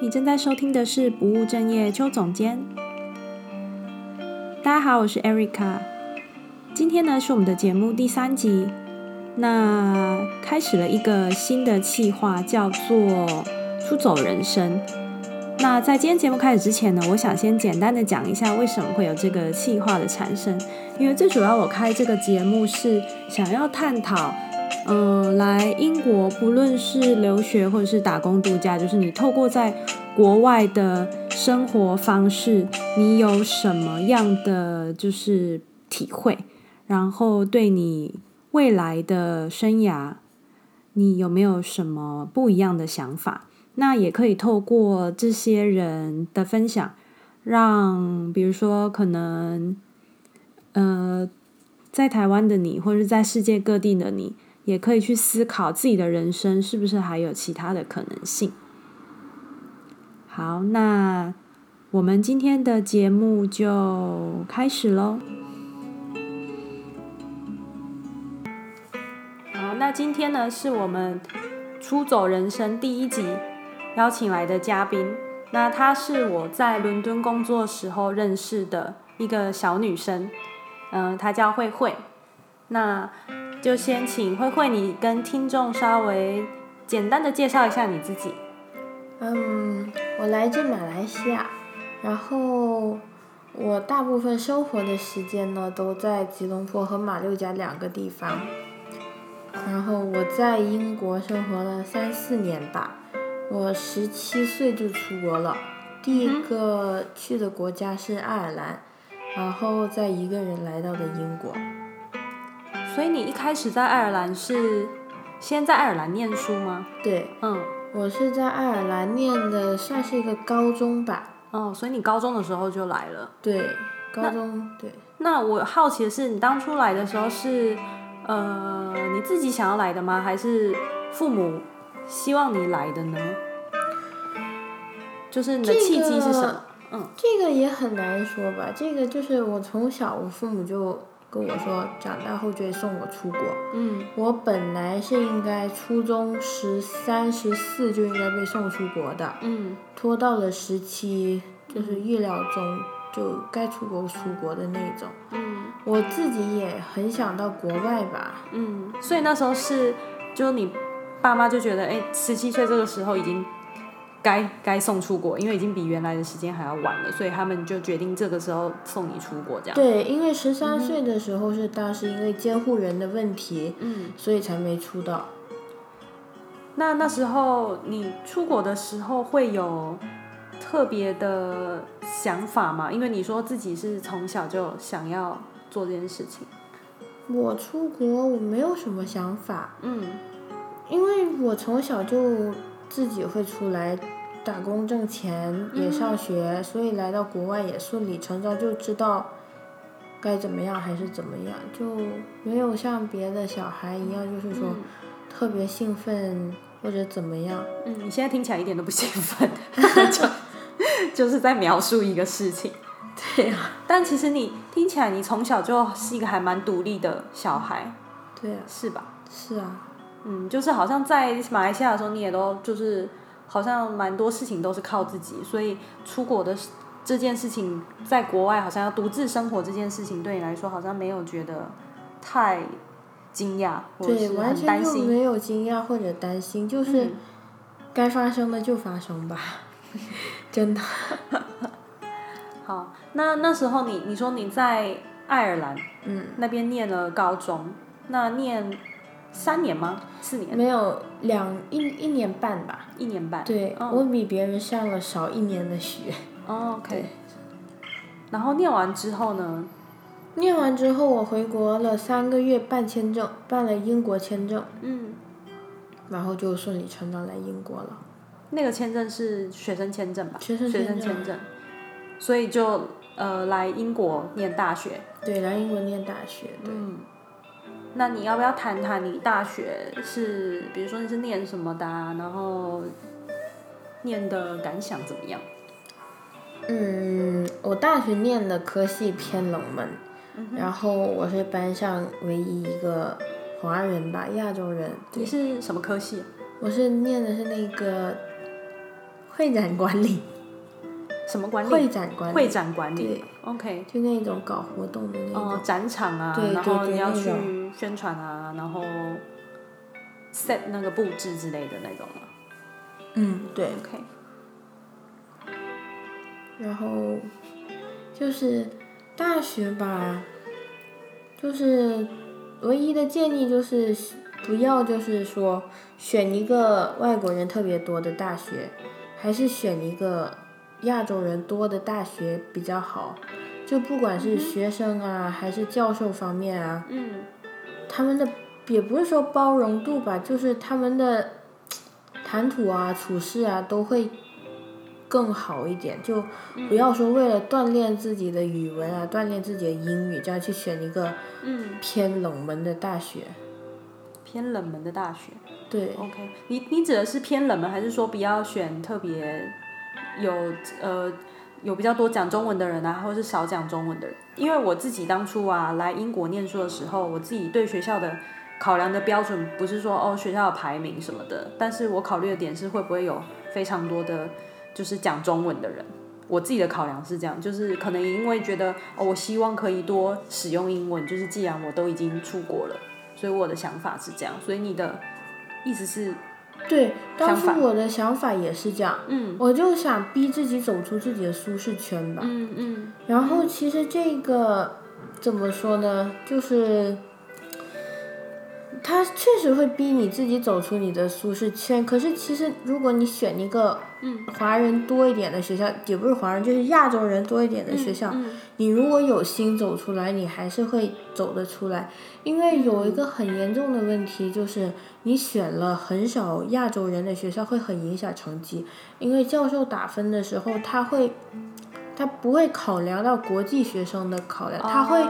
你正在收聽的是《不務正業》邱總監。大家好，我是 Erica。今天呢是我們的節目第三集，那開始了一個新的企劃，叫做《出走人生》。那在今天節目開始之前呢，我想先簡單的講一下為什麼會有這個企劃的產生，因為最主要我開這個節目是想要探討。呃，來英國不論是留學或者是打工度假，就是你透過在國外的生活方式，你有什麼樣的就是體會？然後對你未來的生涯，你有沒有什麼不一樣的想法？那也可以透過這些人的分享，讓比如說可能，呃，在台灣的你，或者是在世界各地的你。也可以去思考自己的人生是不是還有其他的可能性。好，那我們今天的節目就開始嘍。好，那今天呢，是我們出走人生第一集邀請來的嘉賓，那她是我在倫敦工作時候認識的一個小女生，嗯、呃，她叫慧慧，那。就先請慧慧，你跟聽眾稍微簡單的介紹一下你自己。嗯，um, 我來自馬來西亞，然後我大部分生活的時間呢都在吉隆坡和馬六甲兩個地方。然後我在英國生活了三四年吧，我十七歲就出國了，第一個去的國家是愛爾蘭，然後再一個人來到的英國。所以你一開始在愛爾蘭是先在愛爾蘭念書嗎？對，嗯，我是在愛爾蘭念的，算是一個高中吧。哦，所以你高中的時候就來了。對，高中那對。那我好奇的是，你當初來的時候是呃，你自己想要來的嗎？還是父母希望你來的呢？就是你的契機是什麼？這個、嗯，這個也很難說吧。這個就是我從小，我父母就。跟我說，長大後就會送我出國。嗯，我本來是應該初中十三十四就應該被送出國的，嗯，拖到了十七，就是意料中就該出國出國的那種。嗯，我自己也很想到國外吧。嗯，所以那時候是，就你爸媽就覺得，哎、欸，十七歲這個時候已經。該該送出國，因為已經比原來的時間還要晚了，所以他們就決定這個時候送你出國，這樣。對，因為十三歲的時候是當時因為監護人的問題，嗯，所以才沒出到。那那時候你出國的時候會有特別的想法嗎？因為你說自己是從小就想要做這件事情。我出國我沒有什麼想法，嗯，因為我從小就自己會出來。打工掙錢也上學，嗯、所以來到國外也順理成章就知道該怎麼樣還是怎麼樣，就沒有像別的小孩一樣，就是說特別興奮或者怎麼樣。嗯，你現在聽起來一點都不興奮， 就就是在描述一個事情。對啊。但其實你聽起來，你從小就是一個還蠻獨立的小孩，對啊，是吧？是啊。嗯，就是好像在馬來西亞的時候，你也都就是。好像蠻多事情都是靠自己，所以出國的這件事情，在國外好像要獨自生活，這件事情對你來說好像沒有覺得太驚訝。或是很擔心。對，完全就沒有驚訝或者擔心，就是該發生的就發生吧。嗯、 真的。 好，那那時候你你說你在愛爾蘭，嗯，那邊唸了高中，那唸。三年嗎？四年。沒有兩一一年半吧。一年半。對，哦，我比別人上了少一年的學。哦，OK。對。然後念完之後呢？念完之後，我回國了三個月，辦簽證，辦了英國簽證。嗯。然後就順理成章來英國了。那個簽證是學生簽證吧？學生學生簽證。簽證所以就呃來英,來英國念大學。對，來英國念大學。對。嗯。那你要不要談談你大學是，比如說你是念什麼的，然後念的感想怎麼樣？嗯，我大學念的科系偏冷門，嗯哼，然後我是班上唯一一個華人吧，亞洲人。你是什麼科系？我是念的是那個會展管理。什麼管理？會展管理。會展管理對，OK，就那種搞活動的那種。哦，展場啊，對然後你要去宣傳啊，然後，set 那個佈置之類的那種嘛，啊。嗯，對。OK。然後就是大學吧，就是唯一的建議就是不要就是說，選一個外國人特別多的大學，還是選一個。亞洲人多的大學比較好，就不管是學生啊，嗯、還是教授方面啊，嗯、他們的也不是說包容度吧，就是他們的談吐啊、處事啊都會更好一點。就不要說為了鍛煉自己的語文啊、嗯、鍛煉自己的英語，這樣去選一個偏冷門的大學。偏冷門的大學。對。OK，你你指的是偏冷門，還是說不要選特別？有呃、，有比較多講中文的人啊，或者是少講中文的人。因為我自己當初啊來英國唸書的時候，我自己對學校的考量的標準不是說哦學校的排名什麼的，但是我考慮的點是會不會有非常多的就是講中文的人。我自己的考量是這樣，就是可能因為覺得哦我希望可以多使用英文，就是既然我都已經出國了，所以我的想法是這樣。所以你的意思是？對，當時我的想法也是這樣，想法。我就想逼自己走出自己的舒適圈吧。嗯嗯。嗯嗯，然後其實這個怎麼說呢？就是。他確實會逼你自己走出你的舒適圈，可是其實如果你選一個華人多一點的學校，也不是華人，就是亞洲人多一點的學校，嗯嗯、你如果有心走出來，你還是會走得出來。因為有一個很嚴重的問題就是，你選了很少亞洲人的學校會很影響成績，因為教授打分的時候他會。他不會考量到國際學生的考量，哦、他會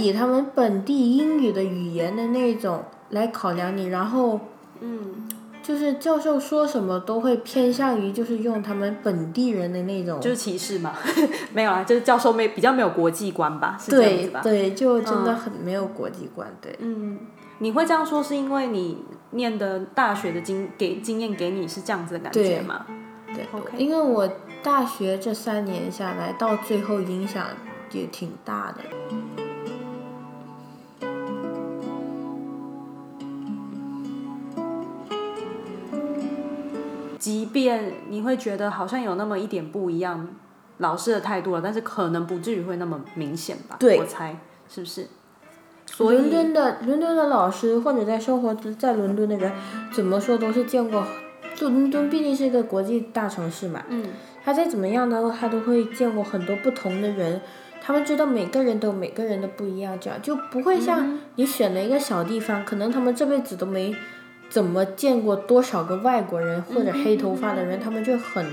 以他們本地英語的語言的那種來考量你，然後嗯，就是教授說什麼都會偏向於就是用他們本地人的那種，就是歧視嘛。 沒有啊，就是教授沒比較沒有國際觀吧？是這樣子吧？對，對，就真的很沒有國際觀。對，嗯，你會這樣說是因為你念的大學的經給經驗給你是這樣子的感覺嗎？對，對 Okay. 因為我。大學這三年下來，到最後影響也挺大的。即便你會覺得好像有那麼一點不一樣，老師的態度了，但是可能不至於會那麼明顯吧？對，我猜是不是？倫敦的倫敦的老師或者在生活在倫敦的人，怎麼說都是見過。倫敦畢竟是一個國際大城市嘛，嗯。他再怎麼樣的話，他都會見過很多不同的人，他們知道每個人都有每個人的不一樣，這樣就不會像你選了一個小地方，嗯、可能他們這輩子都沒怎麼見過多少個外國人或者黑頭髮的人，嗯、他們就很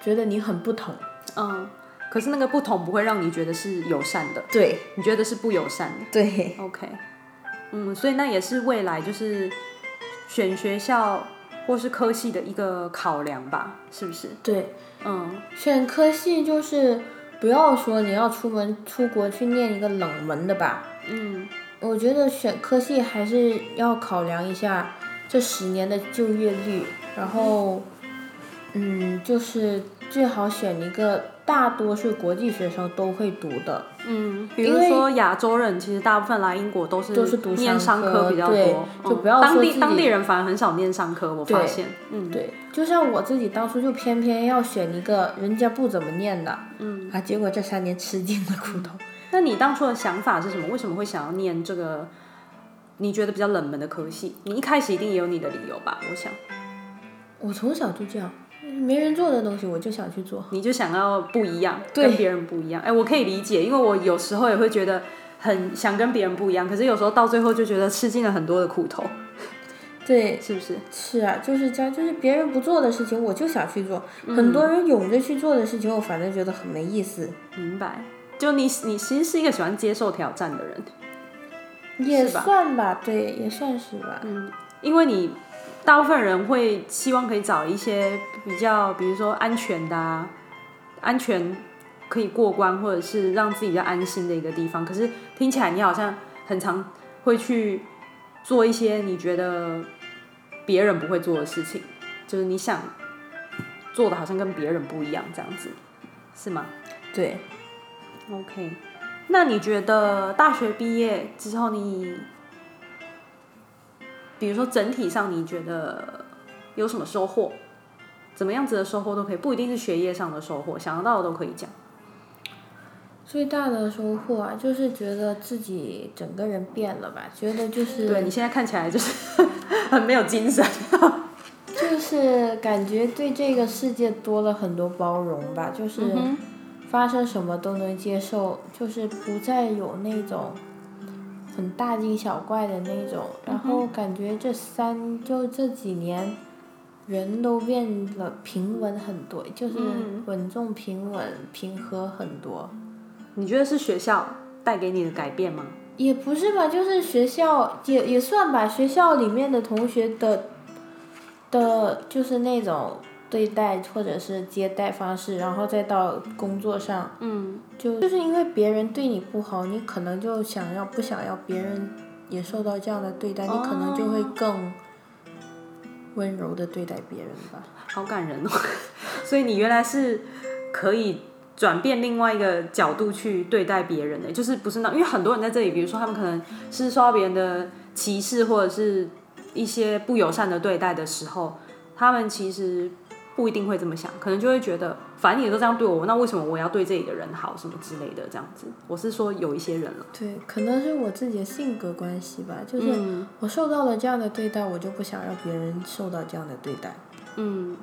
覺得你很不同。嗯，可是那個不同不會讓你覺得是友善的，對，你覺得是不友善的。對，OK，嗯，所以那也是未來就是選學校。或是科系的一個考量吧，是不是？對，嗯，選科系就是不要說你要出門出國去念一個冷門的吧。嗯，我覺得選科系還是要考量一下這十年的就業率，然後，嗯，就是最好選一個。大多數國際學生都會讀的，嗯，比如說亞洲人，為其實大部分來英國都是都是讀商科，商科比較多，對嗯，就不要說當地當地人反而很少念商科，我發現，對嗯，對，就像我自己當初就偏偏要選一個人家不怎麼念的，嗯，啊，結果這三年吃盡了苦頭。那你當初的想法是什麼？為什麼會想要念這個你覺得比較冷門的科系？你一開始一定也有你的理由吧？我想，我從小就這樣。沒人做的東西，我就想去做。你就想要不一樣，對跟別人不一樣。哎，我可以理解，因為我有時候也會覺得很想跟別人不一樣，可是有時候到最後就覺得吃盡了很多的苦頭。對，是不是？是啊，就是這樣，就是別人不做的事情，我就想去做。嗯、很多人勇着去做的事情，我反正覺得很沒意思。明白，就你，你其實是一個喜歡接受挑戰的人，也算吧，是吧？對，也算是吧。嗯，因為你。大部分人會希望可以找一些比較，比如說安全的、啊、安全可以過關，或者是讓自己比較安心的一個地方。可是聽起來你好像很常會去做一些你覺得別人不會做的事情，就是你想做的好像跟別人不一樣這樣子，是嗎？對。OK。那你覺得大學畢業之後你？比如說，整體上你覺得有什麼收穫？怎麼樣子的收穫都可以，不一定是學業上的收穫，想得到的都可以講。最大的收穫啊，就是覺得自己整個人變了吧，覺得就是對你現在看起來就是很沒有精神，就是感覺對這個世界多了很多包容吧，就是發生什麼都能接受，就是不再有那種。很大驚小怪的那種，然後感覺這三就這幾年，人都變得平穩很多，就是穩重、平穩、平和很多。你覺得是學校帶給你的改變嗎？也不是吧，就是學校也也算吧，學校裡面的同學的，的，就是那種。對待或者是接待方式，然後再到工作上，嗯，就就是因為別人對你不好，你可能就想要不想要別人也受到這樣的對待，哦、你可能就會更溫柔地對待別人吧。好感人哦！所以你原來是可以轉變另外一個角度去對待別人的，就是不是那？因為很多人在這裡，比如說他們可能是受到別人的歧視，或者是一些不友善的對待的時候，他們其實。不一定會這麼想，可能就會覺得，反正你都這樣對我，那為什麼我要對這裡的人好什麼之類的？這樣子，我是說有一些人了。對，可能是我自己的性格關係吧，就是我受到了這樣的對待，嗯、我就不想讓別人受到這樣的對待。嗯，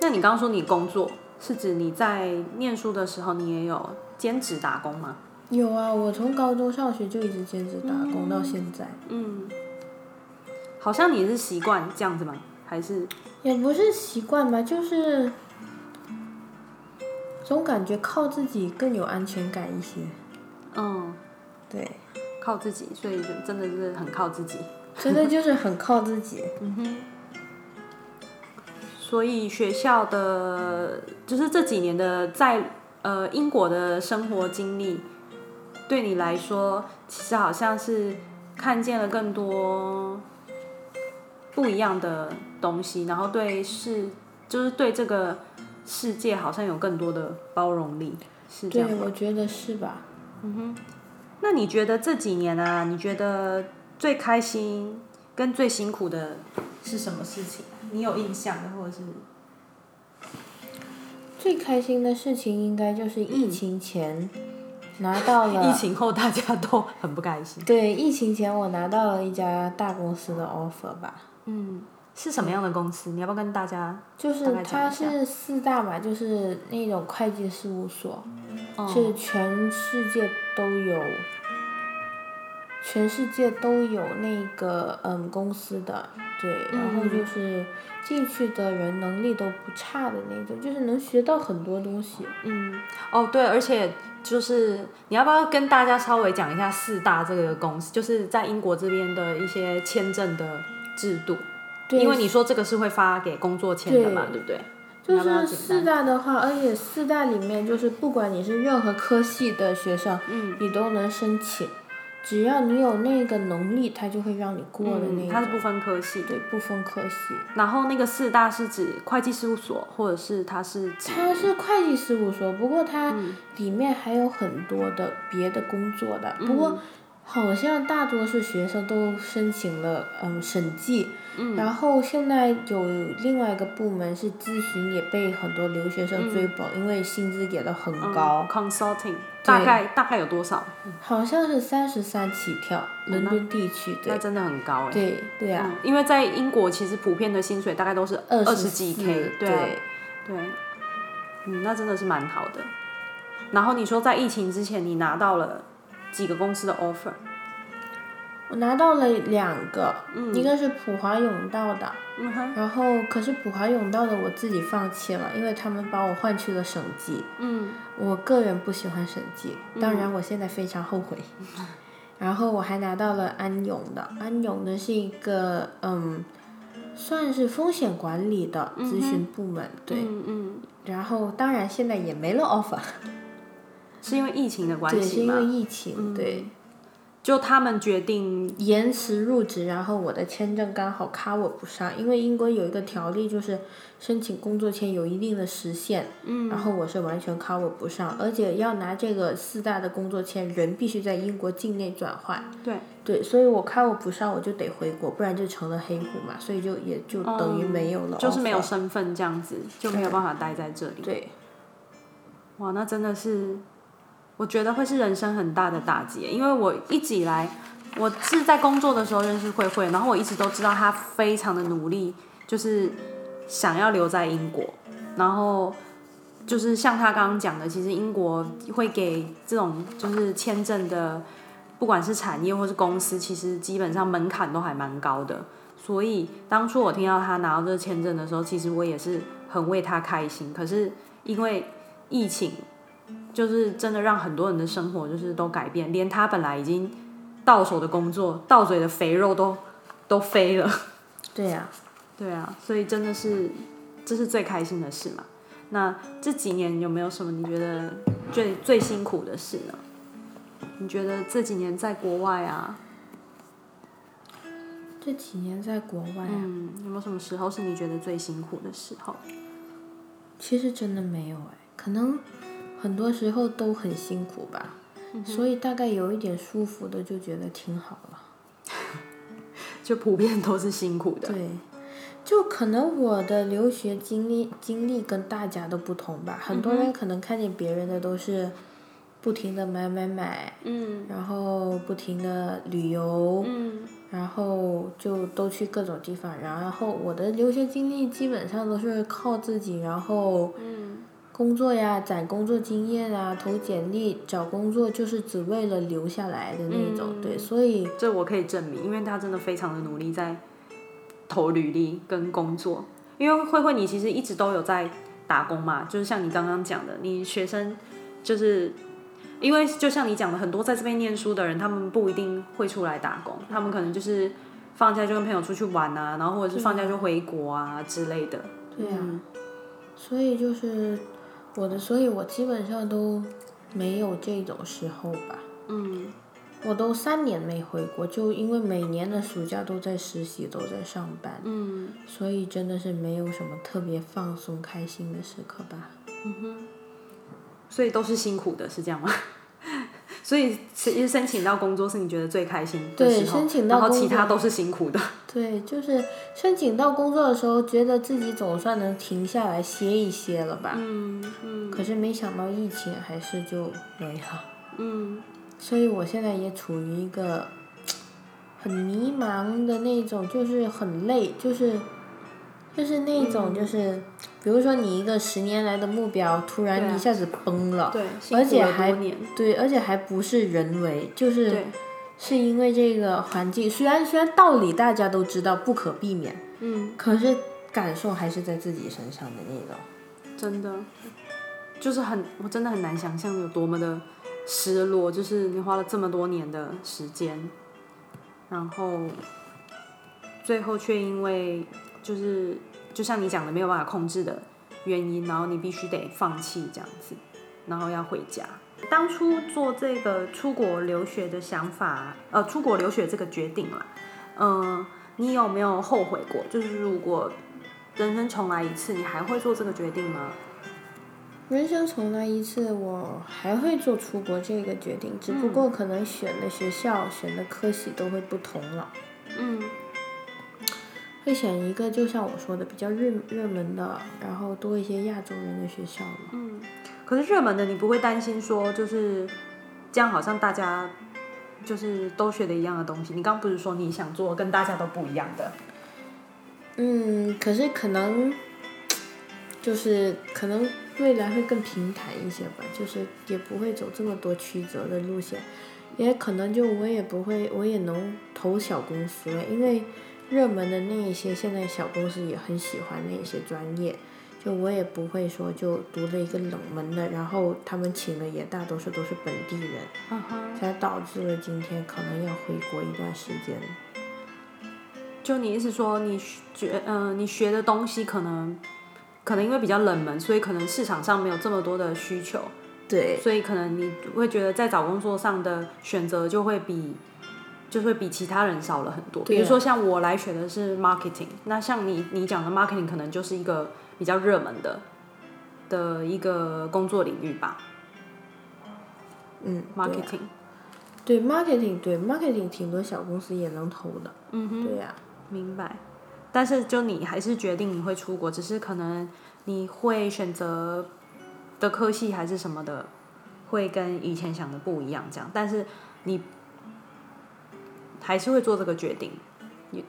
那你剛說你工作是指你在念書的時候，你也有兼職打工嗎？有啊，我從高中上學就一直兼職打工到現在嗯。嗯，好像你是習慣這樣子嗎？還是？也不是習慣吧，就是總感覺靠自己更有安全感一些。嗯，對，靠自己，所以就真的是很靠自己，真的就是很靠自己。 自己嗯哼。所以學校的，就是這幾年的在呃英國的生活經歷，對你來說，其實好像是看見了更多不一樣的東西，然後對世就是對這個世界好像有更多的包容力，是這樣的。對，我覺得是吧。嗯哼。那你覺得這幾年啊，你覺得最開心跟最辛苦的是什麼事情？你有印象的，或者是？最開心的事情應該就是疫情前拿到了， 疫情後大家都很不開心。對，疫情前我拿到了一家大公司的 offer 吧。嗯，是什麼樣的公司？你要不要跟大家大就是它是四大嘛，就是那種會計事務所，嗯、是全世界都有，全世界都有那個嗯公司的，對，嗯、哼然後就是進去的人能力都不差的那種，就是能學到很多東西。嗯，哦對，而且就是你要不要跟大家稍微講一下四大這個公司，就是在英國這邊的一些簽證的制度，對因為你說這個是會發給工作簽的嘛，對，對不對？就是四大的話，而且四大裡面就是不管你是任何科系的學生，嗯，你都能申請，只要你有那個能力，他就會讓你過的那個、嗯。他是不分科系。對，不分科系。然後那個四大是指會計事務所，或者是他是。他是會計事務所，不過他裡面還有很多的別的工作的，嗯、不過。好像大多數學生都申請了嗯，審計，嗯、然後現在有另外一個部門是諮詢，也被很多留學生追捧，嗯、因為薪資給的很高。嗯、Consulting，對大概大概有多少？對好像是三十三起跳，倫敦、嗯、地區對、嗯。那真的很高哎。對對啊、嗯，因為在英國其實普遍的薪水大概都是二十幾 k 24, 對。對，對。嗯，那真的是蠻好的。然後你說在疫情之前你拿到了。幾個公司的 offer，我拿到了兩個，嗯、一個是普華永道的，嗯、哼然後可是普華永道的我自己放棄了，因為他們把我換去了審計，嗯、我個人不喜歡審計，當然我現在非常後悔。嗯、然後我還拿到了安永的，安永的是一個嗯，算是風險管理的諮詢部門，嗯、哼對，嗯嗯然後當然現在也沒了 offer。是因為疫情的關係嗎？對，是因為疫情，嗯、對。就他們決定延遲入職，然後我的簽證剛好 cover 不上，因為英國有一個條例，就是申請工作簽有一定的時限。嗯。然後我是完全 cover 不上，而且要拿這個四大的工作簽，人必須在英國境內轉換。對。對，所以我 cover 不上，我就得回國，不然就成了黑戶嘛。所以就也就等於沒有了。嗯、Okay 就是沒有身份這樣子，就沒有辦法待在這裡。對。對哇，那真的是。我覺得會是人生很大的打擊，因為我一直以來，我是在工作的時候認識慧慧，然後我一直都知道她非常的努力，就是想要留在英國，然後就是像她剛剛講的，其實英國會給這種就是簽證的，不管是產業或是公司，其實基本上門檻都還蠻高的，所以當初我聽到她拿到這個簽證的時候，其實我也是很為她開心，可是因為疫情。就是真的讓很多人的生活就是都改變，連他本來已經到手的工作、到嘴的肥肉都都飛了。對呀、啊，對啊，所以真的是這是最開心的事嘛。那這幾年有沒有什麼你覺得最最辛苦的事呢？你覺得這幾年在國外啊，這幾年在國外啊，嗯，有沒有什麼時候是你覺得最辛苦的時候？其實真的沒有欸，可能。很多時候都很辛苦吧，嗯、哼所以大概有一點舒服的就覺得挺好了。 就普遍都是辛苦的。對，就可能我的留學經歷經歷跟大家都不同吧。嗯、哼很多人可能看見別人的都是不停的買買買，嗯、然後不停的旅遊，嗯、然後就都去各種地方。然後我的留學經歷基本上都是靠自己，然後、嗯。工作呀，攢工作經驗啊，投簡歷找工作，就是只為了留下來的那一種，嗯、對，所以這我可以證明，因為他真的非常的努力在投履歷跟工作。因為慧慧，你其實一直都有在打工嘛，就是像你剛剛講的，你學生就是因為就像你講的，很多在這邊唸書的人，他們不一定會出來打工，嗯、他們可能就是放假就跟朋友出去玩啊，然後或者是放假就回國啊、嗯、之類的。對啊，嗯、所以就是。我的，所以我基本上都沒有這種時候吧。嗯。我都三年沒回國，就因為每年的暑假都在實習，都在上班。嗯。所以真的是沒有什麼特別放鬆、開心的時刻吧。嗯哼。所以都是辛苦的，是這樣嗎？ 所以，申申請到工作是你覺得最開心的時候。對，申請到工作，然後其他都是辛苦的。對，就是申請到工作的時候，覺得自己總算能停下來歇一歇了吧。嗯，嗯。可是沒想到疫情還是就沒了、欸。嗯。所以我現在也處於一個很迷茫的那種，就是很累，就是。就是那種，就是比如說你一個十年來的目標，突然一下子崩了，而且還對，而且還不是人為，就是是因為這個環境。雖然雖然道理大家都知道，不可避免，嗯，可是感受還是在自己身上的那種。真的，就是很，我真的很難想象有多麼的失落。就是你花了這麼多年的時間，然後最後卻因為。就是，就像你講的沒有辦法控制的原因，然後你必須得放棄這樣子，然後要回家。當初做這個出國留學的想法，呃，出國留學這個決定啦，嗯，你有沒有後悔過？就是如果人生重來一次，你還會做這個決定嗎？人生重來一次，我還會做出國這個決定，只不過可能選的學校、嗯、選的科系都會不同了。嗯。會選一個就像我說的比較熱熱門的，然後多一些亞洲人的學校嘛。嗯，可是熱門的你不會擔心說就是這樣好像大家就是都學的一樣的東西。你剛剛不是說你想做跟大家都不一樣的？嗯，可是可能就是可能未來會更平坦一些吧，就是也不會走這麼多曲折的路線，也可能就我也不會，我也能投小公司了啊，因為。熱門的那一些，現在小公司也很喜歡那些專業，就我也不會說就讀了一個冷門的，然後他們請的也大多數都是本地人，uh huh. 才導致了今天可能要回國一段時間。就你意思說，你學，嗯、呃，你學的東西可能，可能因為比較冷門，所以可能市場上沒有這麼多的需求，對，所以可能你會覺得在找工作上的選擇就會比。就會比其他人少了很多，比如說像我來選的是 marketing，、啊、那像你你講的 marketing 可能就是一個比較熱門的的一個工作領域吧。Marketing 嗯對、啊、對，marketing，對 marketing，對 marketing，挺多小公司也能投的。嗯哼，對呀、啊，明白。但是就你還是決定你會出國，只是可能你會選擇的科系還是什麼的會跟以前想的不一樣，這樣。但是你。還是會做這個決定，你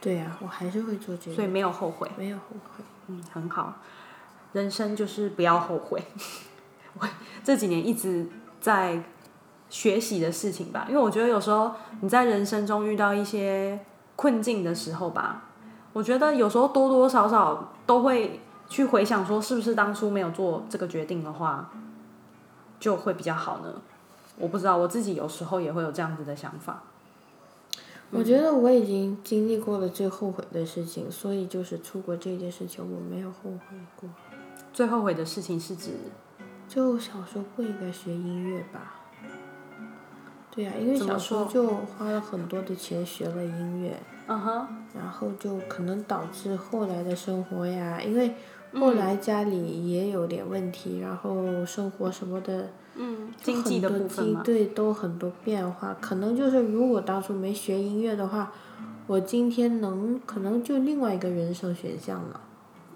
對呀、啊，我還是會做決定，所以沒有後悔，沒有後悔，嗯，很好，人生就是不要後悔。 我這幾年一直在學習的事情吧，因為我覺得有時候你在人生中遇到一些困境的時候吧，我覺得有時候多多少少都會去回想，說是不是當初沒有做這個決定的話，就會比較好呢？我不知道，我自己有時候也會有這樣子的想法。我覺得我已經經歷過了最後悔的事情，所以就是出國這件事情，我沒有後悔過。最後悔的事情是指，就小時候不應該學音樂吧？對呀、啊，因為小時候就花了很多的錢學了音樂。然後就可能導致後來的生活呀，因為後來家裡也有點問題，嗯、然後生活什麼的。嗯，經濟的部分。對，都很多變化。可能就是，如果當初沒學音樂的話，我今天能可能就另外一個人生選項了。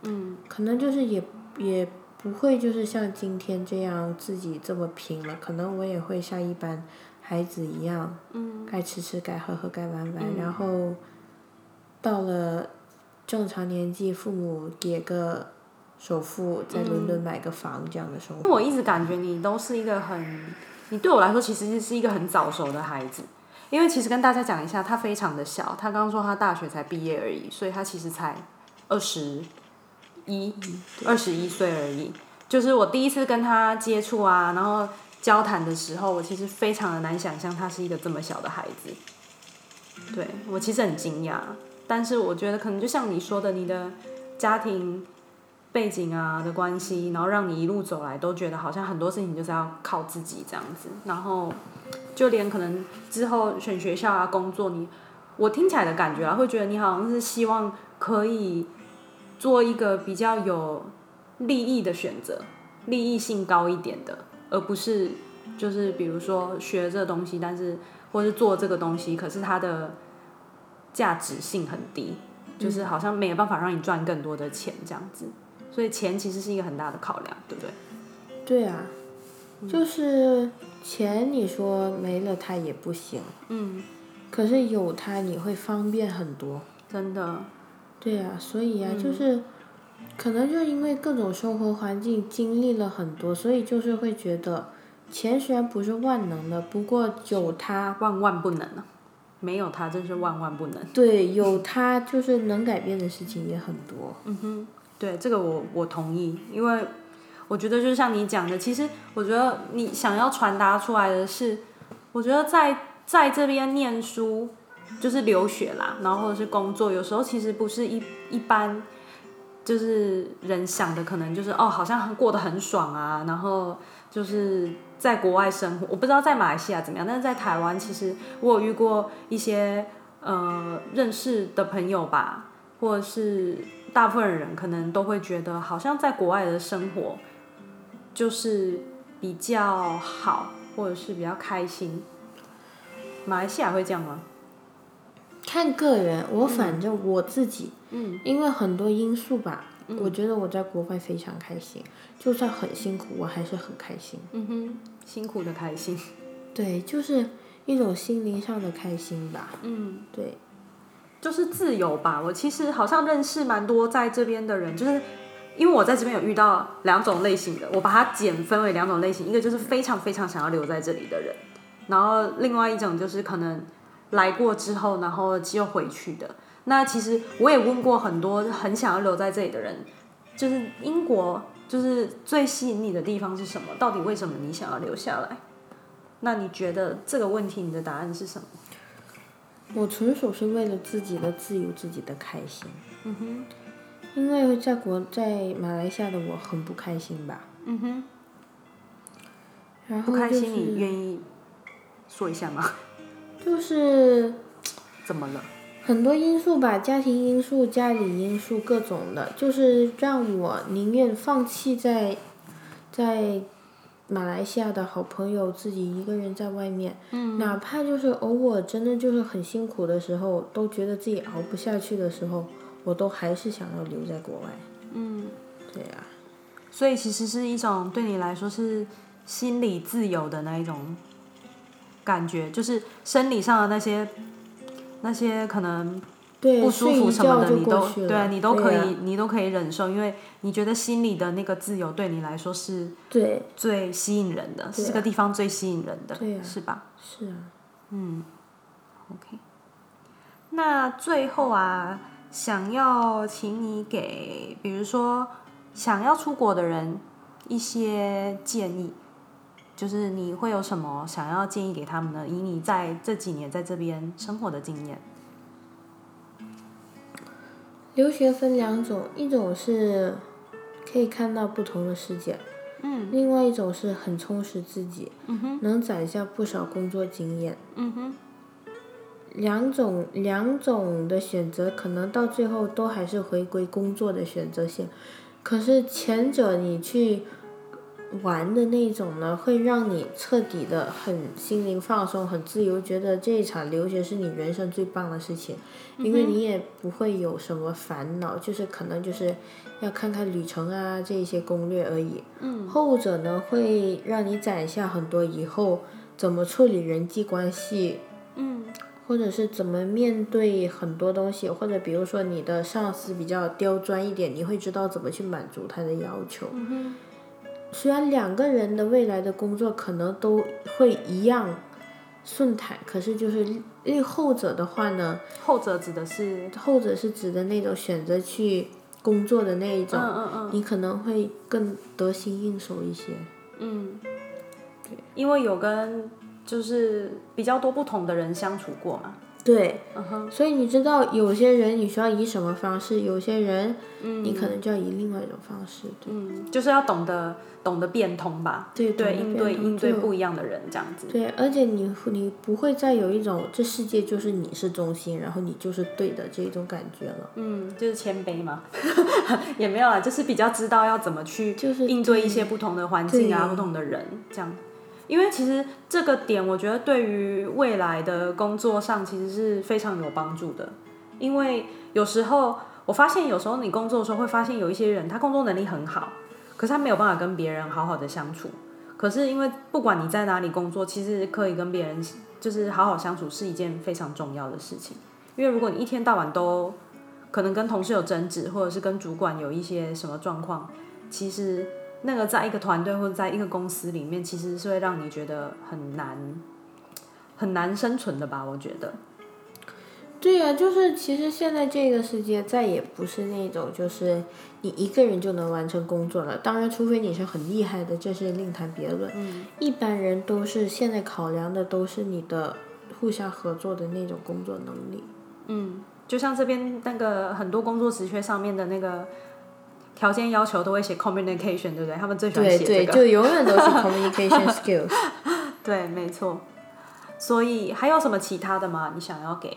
嗯。可能就是也也不會就是像今天這樣自己這麼拼了。可能我也會像一般孩子一樣，嗯，該吃吃，該喝喝，該玩玩。嗯，然後，到了正常年紀，父母給個。首付，在倫敦買個房這樣的生活，嗯，我一直感覺你都是一個很，你對我來說其實是一個很早熟的孩子。因為其實跟大家講一下，他非常的小，他剛剛說他大學才畢業而已，所以他其實才二十一，對二十一歲而已。就是我第一次跟他接觸啊，然後交談的時候，我其實非常的難想象他是一個這麼小的孩子。對，我其實很驚訝，但是我覺得可能就像你說的，你的家庭。背景啊的關係，然後讓你一路走來都覺得好像很多事情就是要靠自己這樣子，然後就連可能之後選學校啊、工作你，你我聽起來的感覺啊，會覺得你好像是希望可以做一個比較有利益的選擇，利益性高一點的，而不是就是比如說學這個東西，但是或是做這個東西，可是它的價值性很低，就是好像沒有辦法讓你賺更多的錢這樣子。所以錢其實是一個很大的考量，對不對？對啊，就是錢，你說沒了它也不行。嗯，可是有它你會方便很多，真的。對呀、啊，所以呀、啊，嗯、就是，可能就因為各種生活環境經歷了很多，所以就是會覺得，錢雖然不是萬能的，不過有它萬萬不能了。沒有它真是萬萬不能。對，有它就是能改變的事情也很多。嗯哼。對，這個我我同意，因為我覺得就像你講的，其實我覺得你想要傳達出來的是，我覺得在在這邊念書就是留學啦，然後或者是工作，有時候其實不是一一般就是人想的，可能就是哦好像過得很爽啊，然後就是在國外生活，我不知道在馬來西亞怎麼樣，但是在台灣其實我有遇過一些呃認識的朋友吧，或者是。大部分人可能都會覺得，好像在國外的生活就是比較好，或者是比較開心。馬來西亞會這樣嗎？看個人，我反正我自己，嗯，因為很多因素吧，嗯，我覺得我在國外非常開心，嗯，就算很辛苦，我還是很開心。嗯哼，辛苦的開心。對，就是一種心靈上的開心吧。嗯，對。就是自由吧。我其實好像認識蠻多在這邊的人，就是因為我在這邊有遇到兩種類型的，我把它簡分為兩種類型，一個就是非常非常想要留在這裡的人，然後另外一種就是可能來過之後，然後就回去的。那其實我也問過很多很想要留在這裡的人，就是英國就是最吸引你的地方是什麼？到底為什麼你想要留下來？那你覺得這個問題你的答案是什麼？我純屬是為了自己的自由，自己的開心。嗯哼。因為在國在馬來西亞的我很不開心吧。嗯哼。然後就是，不開心，你願意說一下嗎？就是。怎麼了？很多因素吧，家庭因素、家裡因素，各種的，就是讓我寧願放棄在，在。馬來西亞的好朋友，自己一個人在外面，嗯、哪怕就是偶爾真的就是很辛苦的時候，都覺得自己熬不下去的時候，我都還是想要留在國外。嗯，對啊，所以其實是一種對你來說是心理自由的那一種感覺，就是生理上的那些那些可能。對不舒服什麼的，你都，你都對、啊，你都可以，啊、你都可以忍受，因為你覺得心裡的那個自由對你來說是最吸引人的，啊、是個地方最吸引人的，啊、是吧？是啊，嗯，OK。那最後啊，想要請你給，比如說想要出國的人一些建議，就是你會有什麼想要建議給他們呢？以你在這幾年在這邊生活的經驗。留學分兩種，一種是可以看到不同的世界，另外一種是很充實自己，能攢下不少工作經驗。兩種兩種的選擇，可能到最後都還是回歸工作的選擇性。可是前者你去。玩的那一種呢，會讓你徹底的很心靈放鬆，很自由，覺得這一場留學是你人生最棒的事情，嗯哼。因為你也不會有什麼煩惱，就是可能就是要看看旅程啊這一些攻略而已。嗯。後者呢，會讓你攢下很多以後怎麼處理人際關係。嗯。或者是怎麼面對很多東西，或者比如說你的上司比較刁鑽一點，你會知道怎麼去滿足他的要求。嗯雖然兩個人的未來的工作可能都會一樣順坦，可是就是後者的話呢，後者指的是？後者是指的那種選擇去工作的那一種，嗯嗯嗯，你可能會更得心應手一些。嗯，因為有跟就是比較多不同的人相處過嘛。對，uh huh. 所以你知道有些人你需要以什麼方式，有些人，你可能就要以另外一種方式，嗯，對就是要懂得懂得變通吧，對對，對應對,對應對不一樣的人這樣子，對，而且你你不會再有一種這世界就是你是中心，然後你就是對的這種感覺了，嗯，就是謙卑嘛， 也沒有了，就是比較知道要怎麼去就是應對一些不同的環境啊，不同的人這樣。因為其實這個點，我覺得對於未來的工作上其實是非常有幫助的。因為有時候我發現，有時候你工作的時候會發現有一些人，他工作能力很好，可是他沒有辦法跟別人好好的相處。可是因為不管你在哪裡工作，其實可以跟別人就是好好相處是一件非常重要的事情。因為如果你一天到晚都可能跟同事有爭執，或者是跟主管有一些什麼狀況，其實。那個在一個團隊或者在一個公司裡面，其實是會讓你覺得很難很難生存的吧？我覺得。對呀，啊，就是其實現在這個世界再也不是那種就是你一個人就能完成工作了。當然除非你是很厲害的，這是，就是另談別論。嗯，一般人都是現在考量的，都是你的互相合作的那種工作能力。嗯。就像這邊那個很多工作職缺上面的那個。條件要求都會寫 communication，對不對？他們最喜歡寫這個。對對，就永遠都是 communication skills。 對，沒錯。所以還有什麼其他的嗎？你想要給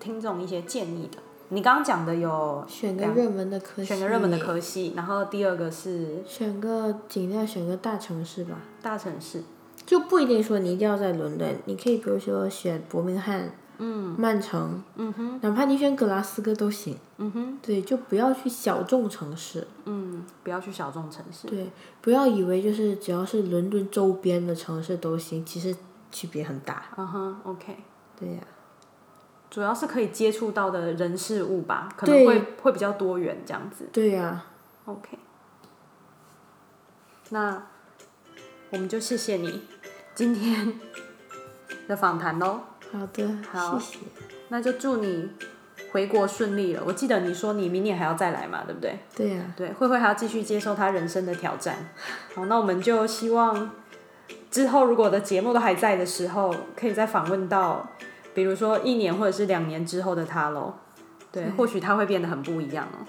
聽眾一些建議的？你剛剛講的有選個熱門的科，選個熱門的科系，然後第二個是選個盡量選個大城市吧。大城市就不一定說你一定要在倫敦，你可以比如說選伯明翰。嗯，曼城，嗯哼，哪怕你選格拉斯哥都行，嗯哼，對，就不要去小眾城市，嗯，不要去小眾城市，對，不要以為就是只要是倫敦周邊的城市都行，其實區別很大，嗯哼，OK，對呀，主要是可以接觸到的人事物吧，可能會，對，會比較多元這樣子，對呀，OK，那我們就謝謝你今天的訪談嘍。好的，好，謝謝。那就祝你回國順利了。我記得你說你明年還要再來嘛，對不對？對呀、啊，對，慧慧還要繼續接受他人生的挑戰。好，那我們就希望之後如果的節目都還在的時候，可以再訪問到，比如說一年或者是兩年之後的他咯。對，對，或許他會變得很不一樣哦。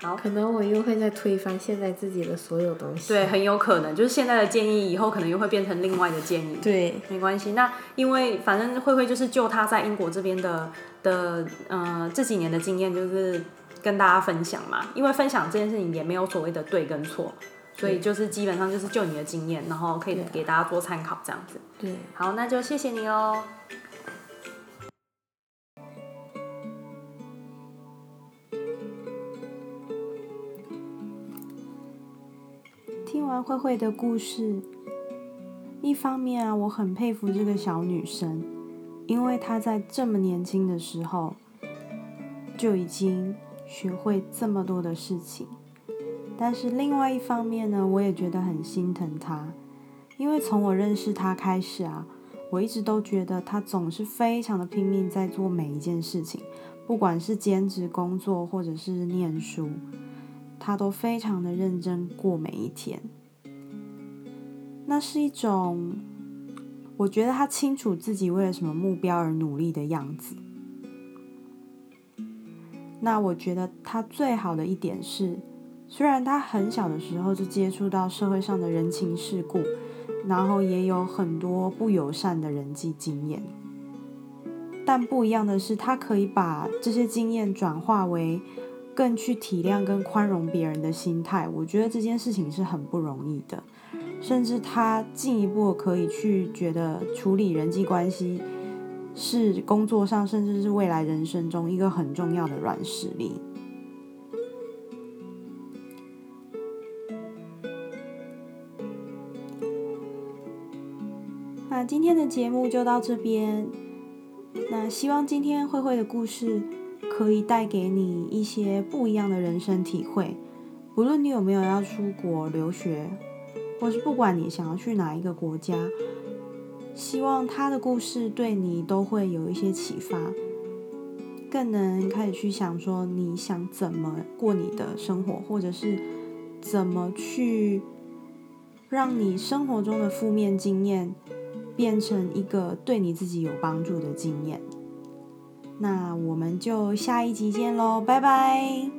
好，可能我又會再推翻現在自己的所有東西。對，很有可能，就是現在的建議，以後可能又會變成另外的建議。對，沒關係。那因為反正慧慧就是就她在英國這邊的的呃這幾年的經驗，就是跟大家分享嘛。因為分享這件事情也沒有所謂的對跟錯，所以就是基本上就是就你的經驗，對然後可以給大家做參考這樣子。對，好，那就謝謝你哦。聽完慧慧的故事，一方面啊，我很佩服這個小女生，因為她在這麼年輕的時候就已經學會這麼多的事情。但是另外一方面呢，我也覺得很心疼她，因為從我認識她開始啊，我一直都覺得她總是非常的拼命在做每一件事情，不管是兼職工作或者是念書。他都非常的認真過每一天，那是一種，我覺得他清楚自己為了什麼目標而努力的樣子。那我覺得他最好的一點是，雖然他很小的時候就接觸到社會上的人情世故，然後也有很多不友善的人際經驗，但不一樣的是，他可以把這些經驗轉化為。更去體諒跟寬容別人的心態，我覺得這件事情是很不容易的。甚至他進一步可以去覺得處理人際關係是工作上，甚至是未來人生中一個很重要的軟實力。那今天的節目就到這邊，那希望今天慧慧的故事。可以帶給你一些不一樣的人生體會，不論你有沒有要出國留學，或是不管你想要去哪一個國家，希望他的故事對你都會有一些啟發，更能開始去想說你想怎麼過你的生活，或者是怎麼去讓你生活中的負面經驗變成一個對你自己有幫助的經驗。那我們就下一集見嘍，拜拜。